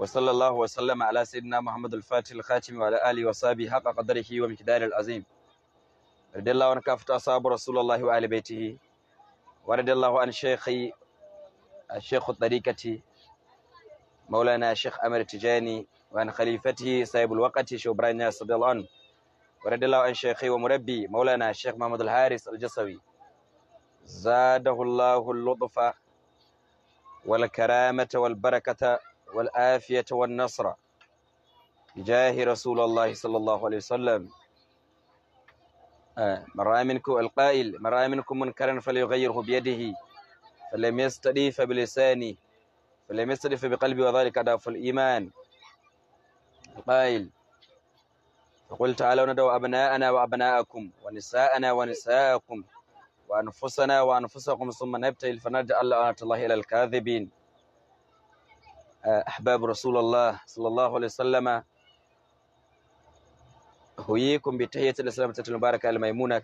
وصلى الله وسلم على سيدنا محمد الفاتح الخاتم وعلى آله وصحبه حق قدره ومقداره العظيم رد الله عن كافة أصحاب رسول الله وآل بيته ورد الله عن شيخي الشيخ الطريقة مولانا الشيخ أمر التجاني وعن خليفته صاحب الوقت شبرانيا رضي الله عنه ورد الله عن شيخي ومربي مولانا الشيخ محمد الحارس الجسوي زاده الله اللطف والكرامة والبركة والآفية والنصر بجاه رسول الله صلى الله عليه وسلم آه، من رأى منكم القائل من رأى منكم منكرا فليغيره بيده فلم يستطيع فبلسانه فلم يستطيع فبقلبه وذلك ضعف الإيمان القائل فقل تعالوا ندعو أبناءنا وأبناءكم ونساءنا ونساءكم وأنفسنا وأنفسكم ثم نبتهل فنرجع لعنة الله إلى الكاذبين أحباب رسول الله صلى الله عليه وسلم أحييكم بتحية الإسلام المباركة الميمونة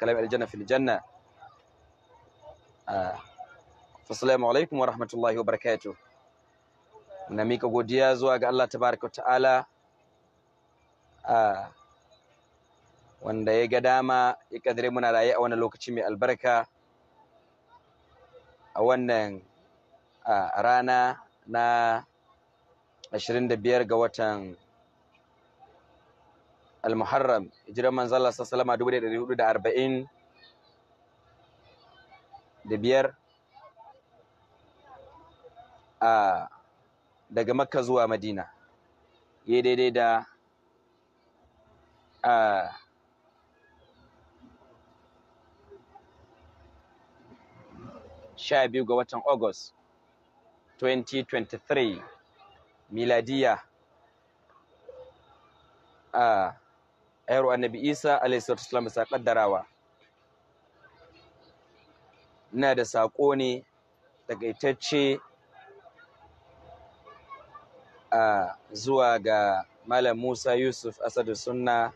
Muna mika godiya zuwa ga Allah tabaraka ta'ala ya ga dama ya kadare muna raye a wannan lokaci albarka a rana na 25 ga watan al-muharram hijiran manzala sallama 1440 da biyar a daga makka zuwa madina ya daidai da a sha biyu ga watan august 2023 miladiya a yaro annabi isa alaihissalam bisa kaddarawa ina da saƙo ne takaitacce a zuwa ga malam musa yusuf asadu sunna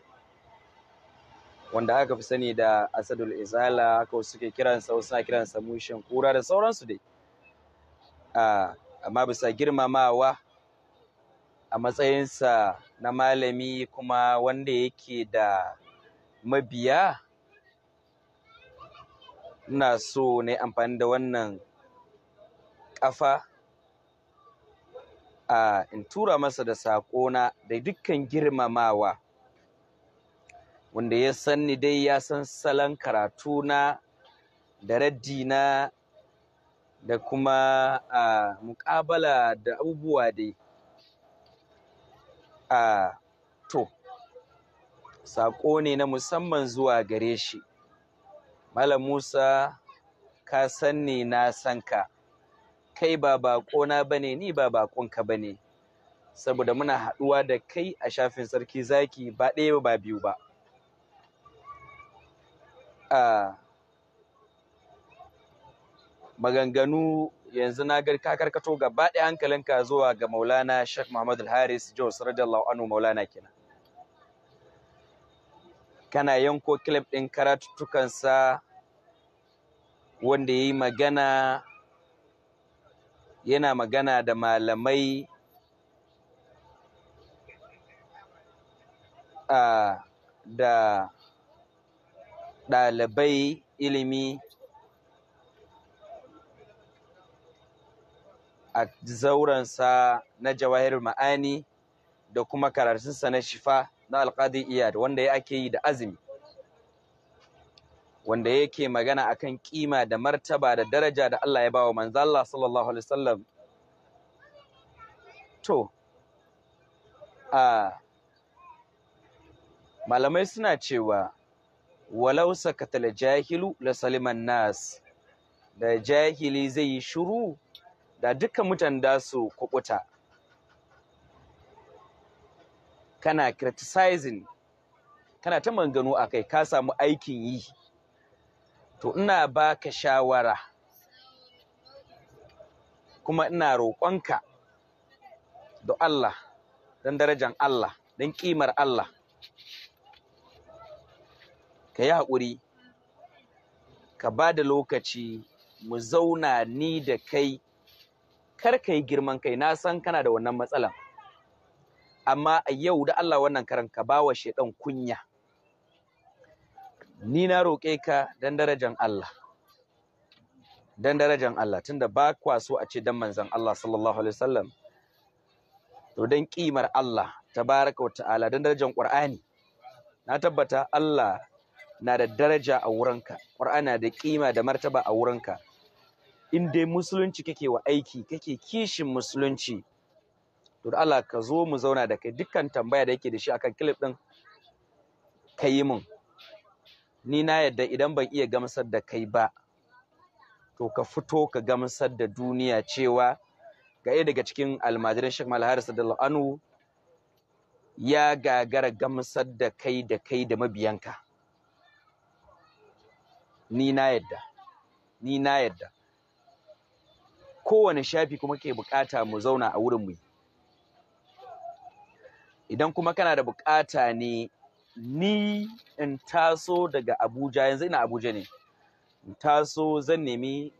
wanda aka fi sani da asadul izala haka suke kiransa wasu na kiransa mushin kura da sauransu dai amma bisa girmamawa a matsayinsa na malami kuma wanda yake da mabiya ina so na yi amfani da wannan kafa. a in tura masa da na da dukkan girmamawa wanda ya san ni dai ya san salon na, da na, da kuma a muƙabala da abubuwa dai a to saƙo ne na musamman zuwa gare shi malam musa ka san ni na san ka kai ba baƙona ba ne ni ba baƙonka ba ne saboda muna haɗuwa da kai a shafin sarki zaki ba ɗaya ba biyu ba maganganu yanzu na ga ka karkato gaba ɗaya hankalinka zuwa ga Maulana Sheikh Muhammad Al-Haris Jos radiyallahu anhu Maulana kenan kana yanko clip ɗin karatuttukansa wanda ya yi magana yana magana da malamai ah, da ɗalibai ilimi a zaurensa na jawahir ma'ani da kuma karatunsa na shifa na alƙadi iyad wanda ya ake yi da azumi wanda yake magana akan kima da martaba da daraja da Allah ya ba wa manzo sallallahu alaihi wasallam to a malamai suna cewa walau sakatal jahilu la saliman nas da jahili zai yi shiru da dukkan mutan da su kubuta kana criticizing kana ta mangano a kai ka samu aikin yi to ina baka shawara kuma ina roƙonka da Allah don darajan Allah don ƙimar Allah ka yi haƙuri ka ba da lokaci mu zauna ni da kai kar ka yi girman kai na san kana da wannan matsalan amma a yau da Allah wannan karan ka ba wa shaidan kunya ni na roƙe ka dan darajan Allah dan darajan Allah tunda ba kwa so a ce dan manzon Allah sallallahu alaihi wasallam to dan kimar Allah tabaraka wa ta'ala dan darajan Qur'ani na tabbata Allah na da daraja a wurinka Qur'ani na da kima da martaba a wurinka in dai musulunci kake wa aiki kake kishin musulunci to Allah ka zo mu zauna da kai dukkan tambaya da yake da shi akan clip din kai yi min ni na yadda idan ban iya gamsar da kai ba to ka fito ka gamsar da duniya cewa ga ɗaya daga cikin almajiran Sheikh Malhar da Anu ya gagara gamsar da kai da kai da mabiyanka ni na yadda ni na yadda kowane shafi kuma ke bukata mu zauna a wurin mu idan kuma kana da bukata ne ni in taso daga abuja yanzu ina abuja ne in taso zan nemi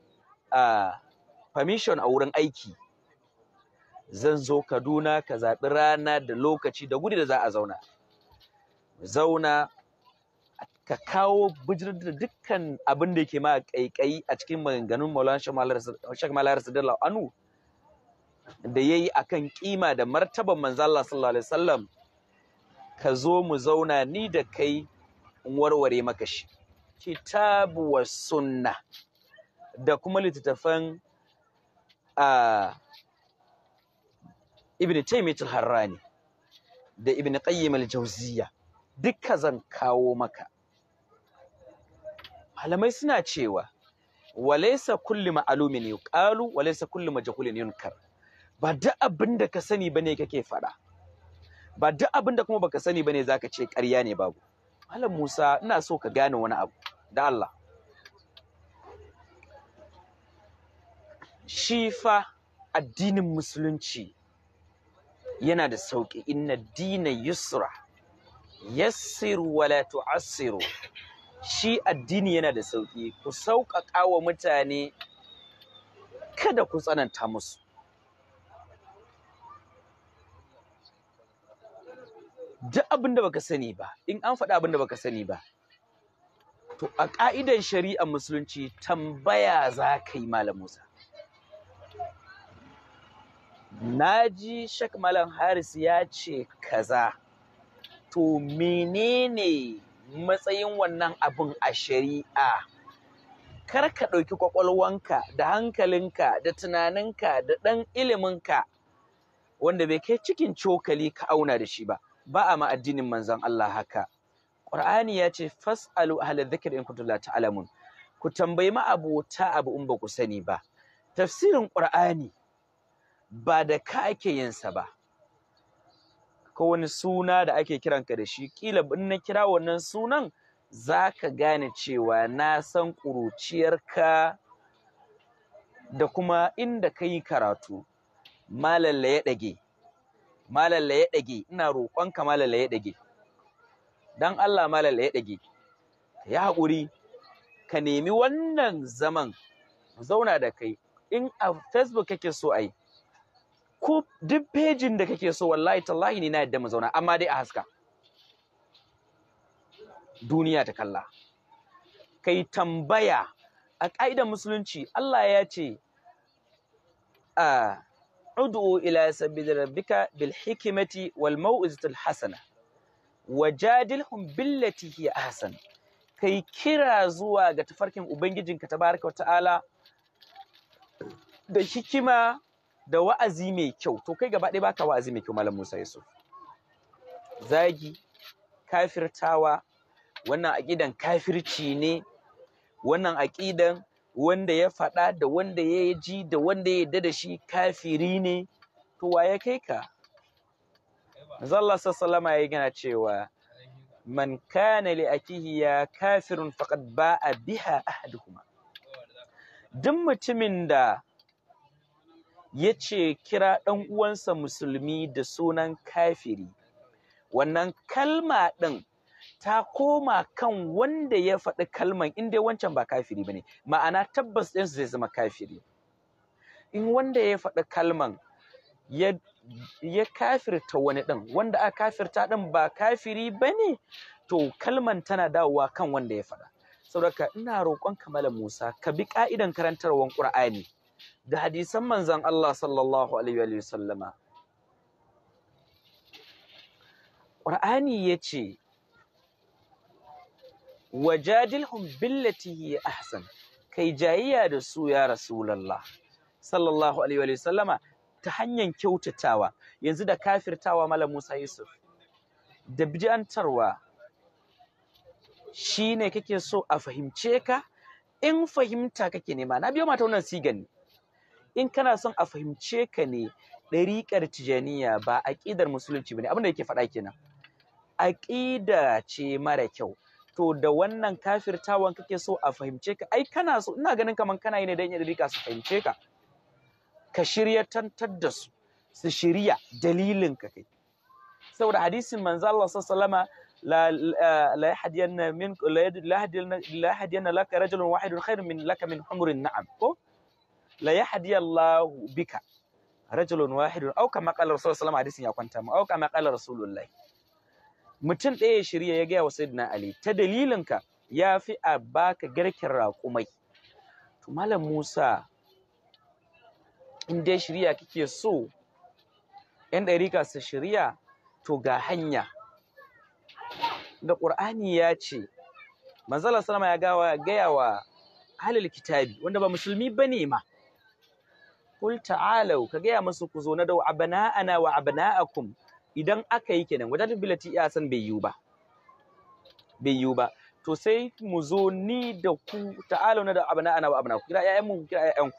a permission a wurin aiki zan zo kaduna ka zaɓi rana da lokaci da gudu da za a zauna zauna ka kawo bijirar da dukkan abin da yake ma kaikai a cikin maganganun Maulana Sheikh Malar sadar Anu da ya yi a kan kima da martaban manzo Allah sallallahu alaihi wasallam ka zo mu zauna ni da kai in warware maka shi kitabu wa sunna da kuma littattafan a Ibn taimitul harrani da Ibn Qayyim al jawziya duka zan kawo maka malamai suna cewa walaisa kulli ma'alumin yuqalu walaisa kulli majhulin yunkar ba duk abin da ka sani bane kake faɗa ba duk abin da kuma baka sani bane zaka ce ƙarya ne babu malam Musa ina so ka gane wani abu da Allah Shifa addinin musulunci yana da sauƙi inna dina yusra yassiru wala tu'assiru shi addini yana da sauƙi ku sauƙaƙa wa mutane kada ku tsananta musu duk abin da baka sani ba in an faɗa abin da baka sani ba to a ƙa'idan shari'ar musulunci tambaya za ka yi malam musa na ji shak malam haris ya ce kaza to menene matsayin wannan abin a shari'a kar ka ɗauki kwakwalwanka da hankalinka da tunaninka da ɗan iliminka wanda bai kai cikin cokali ka auna da shi ba ba a ma addinin manzon Allah haka Qur'ani ya ce fas'alu ahla dhikri in kuntum la ta'lamun ku tambayi ma abota abu in ba ku sani ba tafsirin Qur'ani ba da ka ake yin sa ba ko wani suna da ake kiranka da shi kila in na kira wannan sunan za ka gane cewa na san ƙuruciyarka da kuma inda ka yi karatu malalla ya ɗage malalla ya ɗage ina roƙonka malalla ya ɗage don Allah malalla ya ɗage ya haƙuri ka nemi wannan zaman zauna da kai in a facebook kake so a yi. ko duk pejin da kake so wallahi tallahi ne na yadda mu zauna amma dai a haska duniya ta kalla kai tambaya a ƙa'idar musulunci Allah ya ce a ud'u ila sabili rabbika bil hikimati wal mau'izatil hasana wajadilhum billati hiya ahsan kai kira zuwa ga tafarkin ubangijinka tabaraka wa ta'ala da hikima da wa'azi mai kyau to kai gaba ɗaya baka wa'azi mai kyau malam Musa Yusuf zagi kafirtawa wannan aqidan kafirci ne wannan aƙidan wanda ya faɗa da wanda ya ji da wanda ya da shi kafiri ne to wa kai ka Allah sallama ya gana cewa man kana li akihi ya kafirun faqad ba'a biha ahaduhuma duk mutumin da ya ce kira ɗan uwansa musulmi da sunan kafiri wannan kalma ɗin ta koma kan wanda ya faɗi kalman inda wancan ba kafiri ba ne ma'ana tabbas ɗinsu zai zama kafiri in wanda ya faɗi kalman ya, kafirta wani ɗin wanda a kafirta ɗin ba kafiri ba ne to kalman tana dawowa kan wanda ya faɗa saboda ina roƙon kamala musa ka bi ƙa'idan karantarwar ƙur'ani da hadisan manzan Allah sallallahu alaihi wa sallama ya yace wajadilhum billati hi ahsan kai jayayya da su ya rasulallah sallallahu alaihi wa ta hanyar kyautatawa yanzu da kafirtawa malam Musa Yusuf da Shi ne kake so a fahimce ka in fahimta kake nema na biyo mata wannan sigan in kana son a fahimce ka ne ɗariƙar tijaniya ba aƙidar musulunci ba ne abin da yake faɗa kenan aƙida ce mara kyau to da wannan kafirtawan kake so a fahimce ka ai kana so ina ganin kamar kana yi ne don ya ɗariƙa su fahimce ka ka tantar da su su shirya dalilin ka kai saboda hadisin manzo Allah wasallama la la hadiyanna min la hadiyanna laka rajulun wahidun khairun min laka min humrin na'am ko la Allah bika rajulun wahidun au kama qala rasulullahi sallallahu hadisin ya kwanta mu au kama qala rasulullahi mutum ɗaya ya shirya ya gaya wa sayyidina ali ta dalilinka ya fi a baka garkin raƙumai to malam musa in dai shirya kike so yan ɗarika su shirya to ga hanya da ƙur'ani ya ce manzala salama ya gawa gaya wa halil kitabi wanda ba musulmi ba ne ma kul ta'alau ka gaya musu ku zo na da abana'ana wa abana'akum idan aka yi kenan wajen bilati iya san bai yiwu ba bai yiwu ba to sai mu zo ni da ku ta'alau na da abana'ana wa abana'akum kira ƴaƴan mu kira ƴaƴan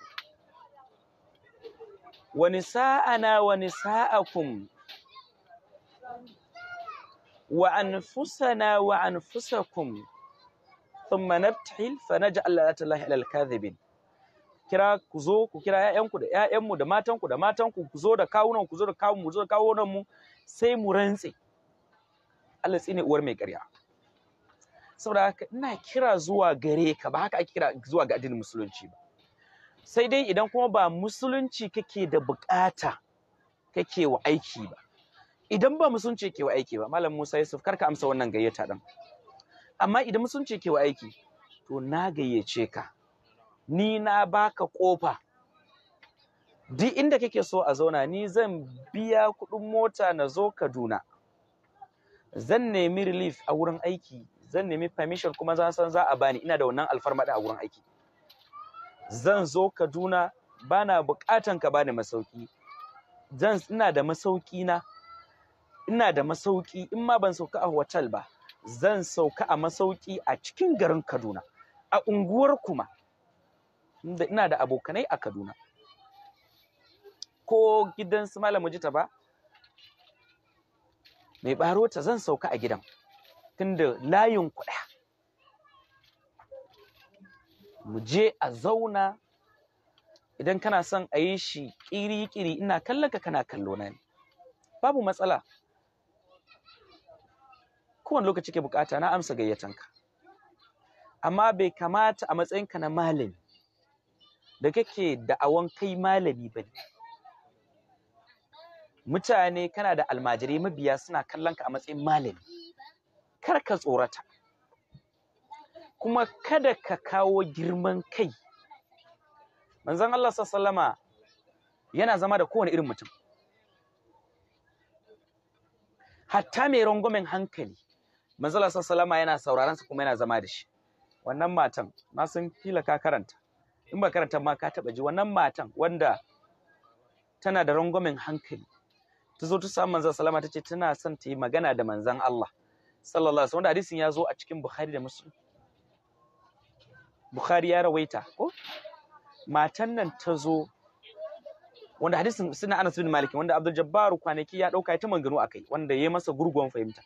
ku wa nisa'ana wa nisa'akum wa anfusana wa anfusakum thumma nabtahil fa naj'al la ilaha illa al-kadhibin kira ku zo ku kira ƴaƴanku da ƴaƴanmu da matanku da matanku ku zo da kawunan ku zo da kawun mu zo da kawunan mu sai mu rantse Allah tsine uwar mai ƙarya saboda haka ina kira zuwa gare ka ba haka ake kira zuwa ga addinin musulunci ba sai dai idan kuma ba musulunci kake da bukata kake wa aiki ba idan ba musulunci ke wa aiki ba malam Musa Yusuf kar ka amsa wannan gayyata din amma idan musulunci ke wa aiki to na gayyace ka ni na baka kofa duk inda kake so a zauna ni zan biya kuɗin mota na zo Kaduna zan nemi relief a wurin aiki zan nemi permission kuma zan san za a bani ina da wannan alfarmada a wurin aiki zan zo Kaduna bana bukatan ka bani masauki zan ina da masauki na ina da masauki in ma ban sauka a hotel ba zan sauka a masauki a cikin garin Kaduna a unguwar kuma ina da abokanai a Kaduna ko gidan su ji ta ba mai barota zan sauka a gidan tunda layin kuɗa mu je a zauna idan kana son a yi shi ƙiri-ƙiri ina kallon ka kana kallo na babu matsala kowane lokaci ke bukata na amsa ka. amma bai kamata a matsayinka na malami da kake da'awan kai malami ba mutane kana da almajirai mabiya suna kallon ka a matsayin malami kar ka tsorata kuma kada ka kawo girman kai manzon Allah sallama yana zama da kowane irin mutum hatta mai rangwamen hankali manzon Allah sallama yana sauraron sa kuma yana zama da shi wannan matan na san fila ka karanta in ba karanta ma ka taɓa ji wannan matan wanda tana da rangwamen hankali ta zo ta samu manzon salama ta ce tana son ta yi magana da manzon Allah sallallahu alaihi wasallam hadisin ya zo a cikin Bukhari da Muslim Bukhari ya rawaita ko matan nan ta zo wanda hadisin suna Anas bin Malik wanda Abdul Jabbar kwanaki ya dauka ta mangano akai wanda yayi masa gurguwan fahimta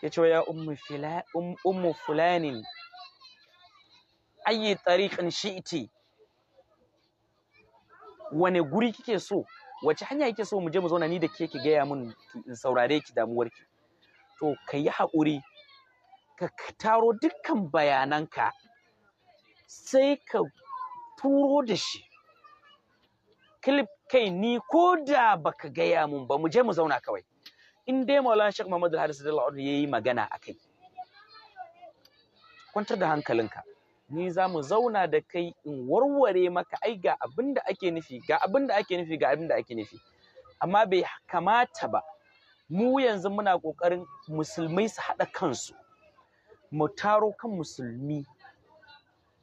Ya ya wa ya ummu fulanin ayi tariqin ite wane guri kike so wace hanya kike so mu je mu zauna ni da ke ki gaya mun in saurare ki damuwar ki to ka yi haƙuri ka taro dukkan bayananka sai ka turo da shi clip kai ni ko da baka gaya mun ba mu je mu zauna kawai in dai Maulana Sheikh muhammadu Al-Haris ya yi magana a kai. kwantar da hankalinka ni za mu zauna da kai in warware maka ai ga abin da ake nufi ga abin da ake nufi ga abin da ake nufi amma bai kamata ba mu yanzu muna ƙoƙarin musulmai su haɗa kansu mu taro kan musulmi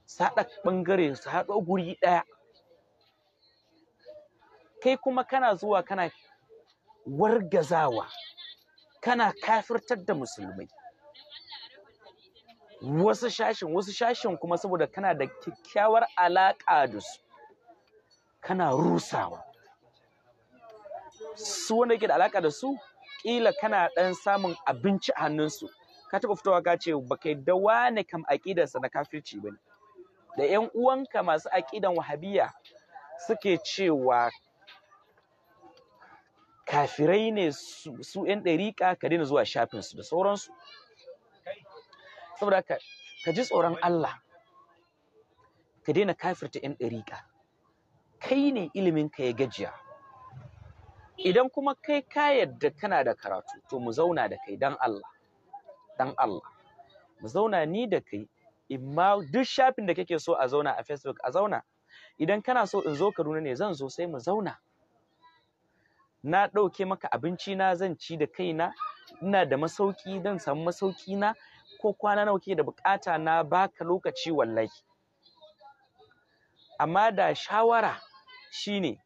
su haɗa ɓangare su haɗo guri ɗaya kai kuma kana zuwa kana wargazawa kana kafirtar da musulmai wasu shashin wasu shashin kuma saboda kana da kyakkyawar alaƙa da su kana rusawa su wanda yake da alaƙa da su ƙila kana ɗan samun abinci a hannunsu ka taɓa fitowa ka ce ba kai da wane kam aƙidarsa na kafirci ba ne da 'yan uwanka masu aƙidan wahabiya suke cewa kafirai ne su 'yan ɗariƙa ka daina zuwa shafinsu da sauransu saboda ka ka ji tsoron Allah ka daina kafirta yan ɗariƙa kai ne ilimin ka ya gajiya idan kuma kai ka yadda kana da karatu to mu zauna da kai dan Allah dan Allah mu zauna ni da kai imma duk shafin da kake so a zauna a Facebook a zauna idan kana so in zo Kaduna ne zan zo sai mu zauna na ɗauke maka abinci na zan ci da kaina ina da masauki zan samu masauki na ko kwana nawa kike da bukata na baka lokaci wallahi amma da shawara shine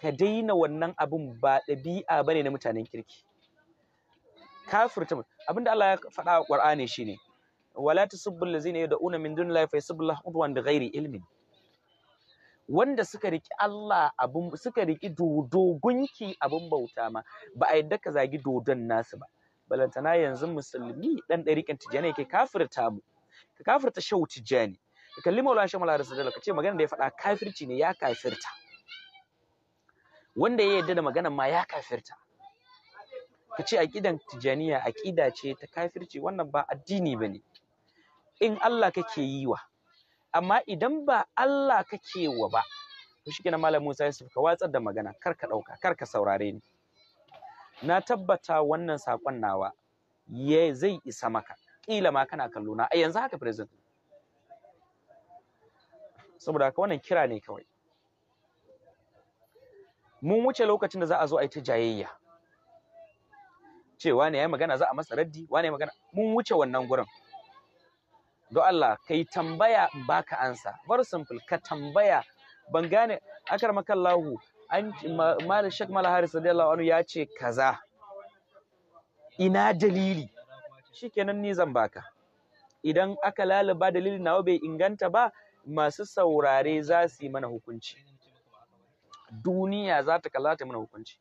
ka daina wannan abun ba ɗabi'a bane na mutanen kirki kafirta abinda Allah ya faɗa a Qur'ani shine wala tasubbu allazina yad'una min fa fayasubbu Allah udwan ghairi ilmin wanda suka riki Allah abun suka riki dodo gunki abun bauta ma ba a yadda ka zagi dodon nasu ba balantana yanzu musulmi dan ɗariƙan tijjani yake kafirta mu ka kafirta shau tijjani ka kalli maulana shehu malar sadala ka ce magana da ya faɗa kafirci ne ya kafirta wanda ya yarda da magana ma ya kafirta ka ce aƙidan tijjaniya aƙida ce ta kafirci wannan ba addini ba ne in Allah kake yi wa amma idan ba Allah kake wa ba to shi malam Musa Yusuf ka watsar da magana kar ka ɗauka kar ka saurare ni na tabbata wannan sakon nawa ya zai isa maka ƙila ma kana kallo na a yanzu haka present saboda haka wannan kira ne kawai mun wuce lokacin da za a zo a yi ta jayayya cewa ne ya magana za a masa raddi wane magana mun wuce wannan gurin Do Allah kai tambaya baka ansa bar simple ka tambaya ban gane akar makallahu an malam Sheikh Malam Haris anhu ya ce kaza ina dalili shikenan ni zan baka idan aka lalaba dalili nawa bai inganta ba masu saurare za su yi mana hukunci duniya za ta kalla ta mana hukunci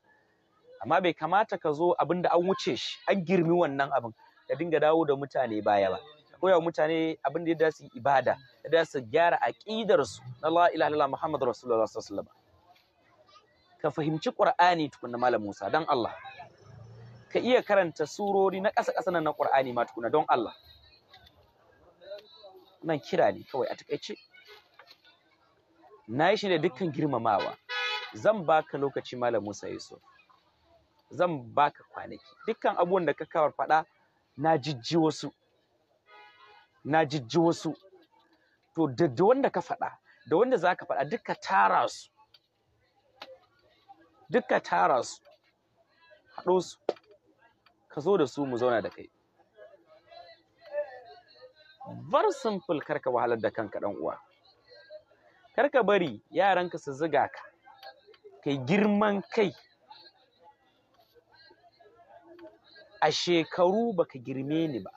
amma bai kamata ka zo abin da an wuce shi an girmi wannan abin ka dinga dawo da mutane baya ba koya mutane abin da ya dace ibada da su gyara aqidar su na la ilaha illallah muhammadur rasulullah sallallahu alaihi wasallam ka fahimci qur'ani tukunna malam Musa dan Allah ka iya karanta surori na ƙasa ƙasa na qur'ani ma tukunna don Allah nan kira ne kawai a takaice na yi shi da dukkan girmamawa zan baka lokaci malam Musa Yusuf zan baka kwanaki dukkan abubuwan da ka kawar faɗa na jijji wasu na jijji wasu to da wanda ka faɗa da wanda za ka faɗa duka tara su Dukka tara su haɗo su ka zo da su mu zauna da kai bar simple karka wahalar da kanka dan uwa Kar ka bari yaranka su ziga ka kai girman kai a shekaru baka girme ni ba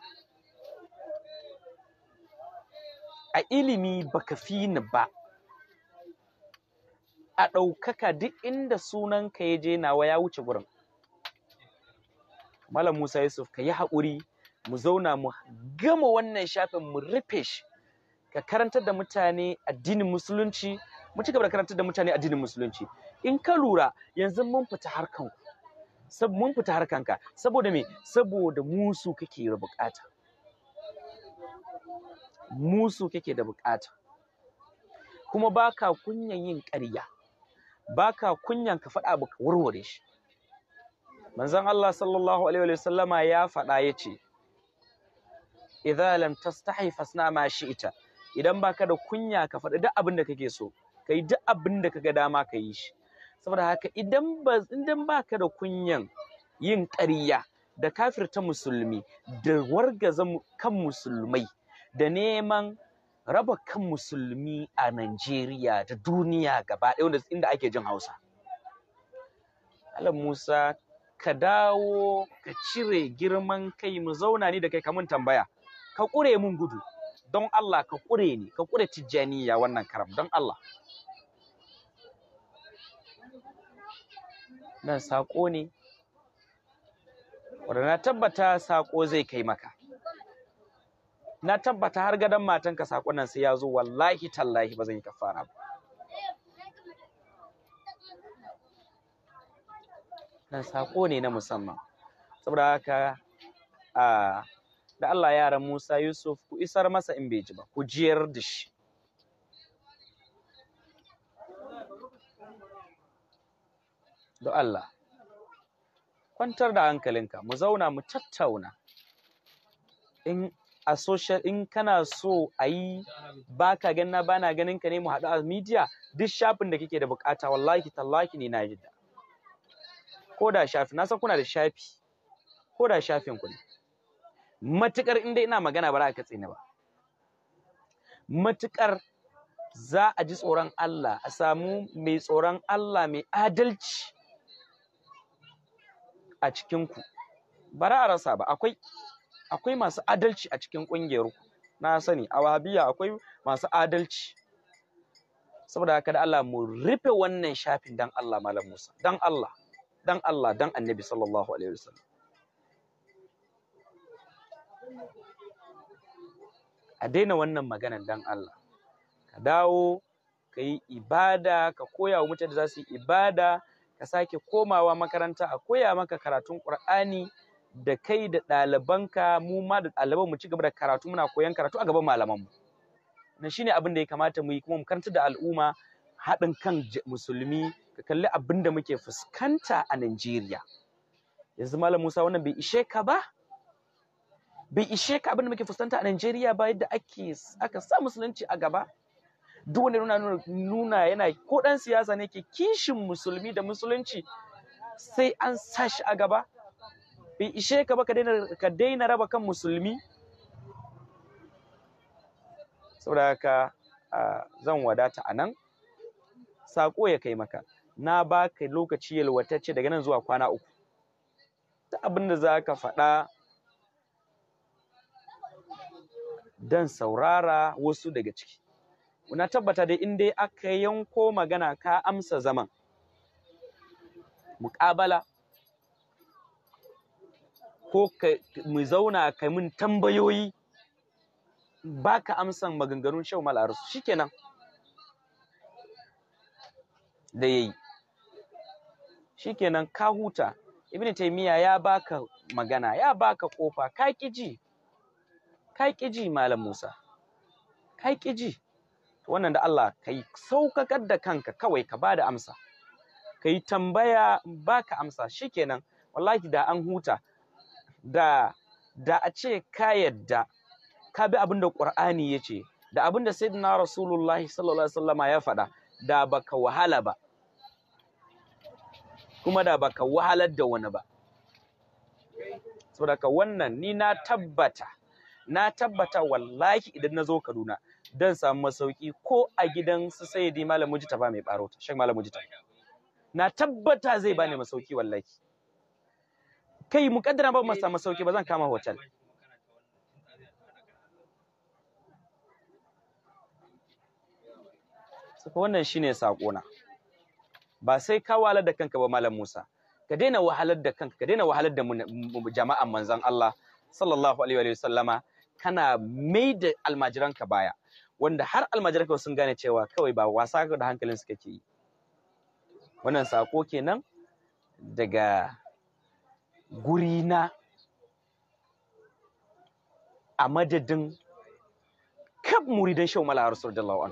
a ilimi baka fi ni ba a ɗaukaka duk inda sunanka ya je nawa ya wuce gurin malam musa yusuf ka yi haƙuri mu zauna mu gama wannan shafin mu rufe shi ka karantar da mutane addinin musulunci mu ci gaba da karantar da mutane addinin musulunci in ka lura yanzu mun fita harkan sab mun fita ka saboda me saboda musu kake da bukata musu kake da bukata kuma baka kunyan yin ƙarya baka kunyan ka faɗa ba ka warware shi manzon Allah sallallahu alaihi wa sallama ya faɗa yace idza lam tastahi fasna ma shi'ta idan baka da kunya ka faɗi duk abin da kake so kai duk abin da kaga dama ka yi shi saboda haka idan ba idan baka da kunyan yin ƙarya da kafirta musulmi da wargaza kan musulmai da neman raba kan musulmi a Najeriya da duniya gaba ɗaya wanda inda ake jin Hausa. Alam Musa ka dawo ka cire girman kai mu zauna ni da kai kamun tambaya ka ƙure mun gudu don Allah ka ƙure ni ka ƙure tijjaniya wannan karam don Allah. Nan saƙo ne, wadda na tabbata saƙo zai kai maka. na tabbata har gadon matanka sakonnan nan sai ya zo wallahi tallahi ba zan yi kafara ba Dan sako ne na musamman saboda haka a da Allah yaran Musa Yusuf ku isar masa in bai ji ba ku jiyar da shi do Allah kwantar da hankalinka mu zauna mu tattauna in a social in kana so a yi ba ka ganna ba na ganin ka ne mu haɗu a media duk shafin da kike da bukata wallahi tallaki ne na yadda ko da shafi na san kuna da shafi ko da shafin ku ne matukar inda ina magana ba za ka katse ba matukar za a ji tsoron Allah a samu mai tsoron Allah mai adalci a cikinku ba za a rasa ba akwai akwai masu adalci a cikin ƙungiyar na sani a wahabiya akwai masu adalci saboda haka da Allah mu rufe wannan shafin dan Allah malam Musa dan Allah dan Allah dan Annabi sallallahu alaihi wasallam a daina wannan maganan dan Allah ka dawo ka yi ibada ka koya wa mutane da za su yi ibada ka sake komawa makaranta a koya maka karatun Qur'ani da kai da ɗalibanka mu ma da ɗaliban mu ci gaba da karatu muna koyan karatu a gaban malaman mu na shine abin da ya kamata mu yi kuma mu karanta da al'umma haɗin kan musulmi ka kalli abin da muke fuskanta a Najeriya yanzu malam Musa wannan bai ishe ka ba bai ishe ka abin da muke fuskanta a Najeriya ba yadda ake aka sa musulunci a gaba duk wanda nuna nuna yana ko dan siyasa ne ke kishin musulmi da musulunci sai an sa a gaba bai ishe ka ba ka daina raba kan musulmi saboda haka zan wadata a nan saƙo ya kai maka na baka lokaci yalwatacce daga nan zuwa kwana uku ta abin da za ka faɗa don saurara wasu daga ciki na tabbata da in dai aka yanko magana ka amsa zaman muƙabala ko mu zauna ka min tambayoyi baka amsan maganganun shau mal'arus shikenan da yayi shikenan ka huta ibnu taymiya ya baka magana ya baka kofa ka kiji ka kiji malam musa ka kiji wannan da Allah ka yi saukakar da kanka kawai ka bada amsa ka yi tambaya baka amsa shikenan wallahi da an huta da da a ce ka yadda ka bi abin da Qur'ani ya ce da abin da Sayyidina Rasulullahi sallallahu alaihi wasallam ya faɗa da baka wahala ba kuma da baka wahalar da wani ba saboda ka wannan ni na tabbata na tabbata wallahi idan na zo Kaduna dan samu masauki ko a gidan su Sayyidi Malam ba mai barota Sheikh Malam Mujtafa na tabbata zai bani masauki wallahi kai mukaddara ba mu samu sauki ba zan kama hotel saka wannan shine na. ba sai ka wahalar da kanka ba malam Musa ka daina wahalar da kanka ka daina wahalar da jama'an manzon Allah sallallahu alaihi wa sallama kana mai da almajiranka baya wanda har almajiranka sun gane cewa kawai ba wasa da hankalin su kake yi wannan sako kenan daga guri na a madadin kaf muridan shehu mala rasul radiyallahu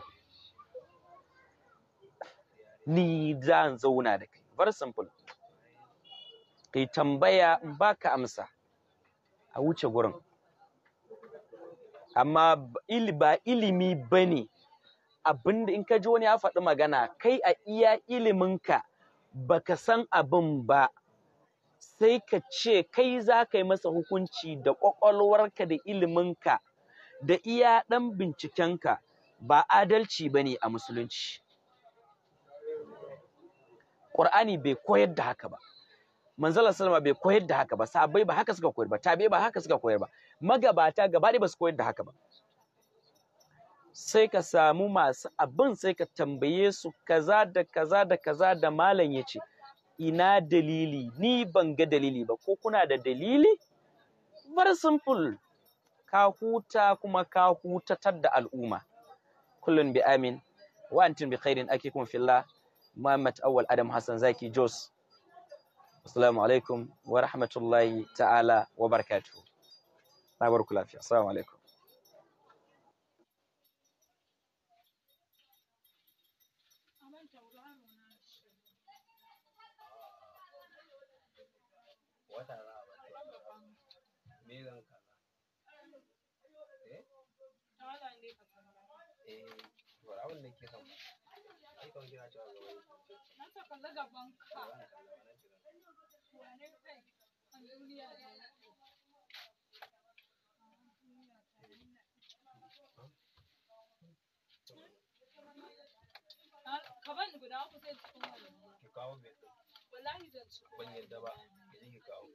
ni zan zauna da kai very simple kai tambaya baka amsa a wuce gurin amma ba ilimi bane abinda in ka ji wani ya faɗi magana kai a iya iliminka baka san abin ba sai ka ce kai za ka yi masa hukunci da ƙwaƙwalwarka da iliminka da iya ɗan bincikenka ba adalci ba ne a musulunci. Ƙur'ani bai koyar da haka ba. Manzala salama bai koyar da haka ba, sabai ba haka suka koyar ba, tabi ba haka suka koyar ba, magabata gaba ba su koyar da haka ba. Sai ka samu masu abin sai ka tambaye su kaza da kaza da kaza da malam ya ce, ina dalili ni ban ga dalili ba ko kuna da dalili very simple ka huta kuma ka hutatar da al'umma kullun bi amin wa antum bi khairin akikum fillah Muhammad Awal Adam Hassan Zaki Jos Assalamu alaikum wa rahmatullahi ta'ala wa barakatuhu. Assalamu alaikum. ke son ba ai kawai kina cewa gaba ne na ta kalla gaban ka kai duniya ne guda sai ki kawo wallahi zan ban ba ki kawo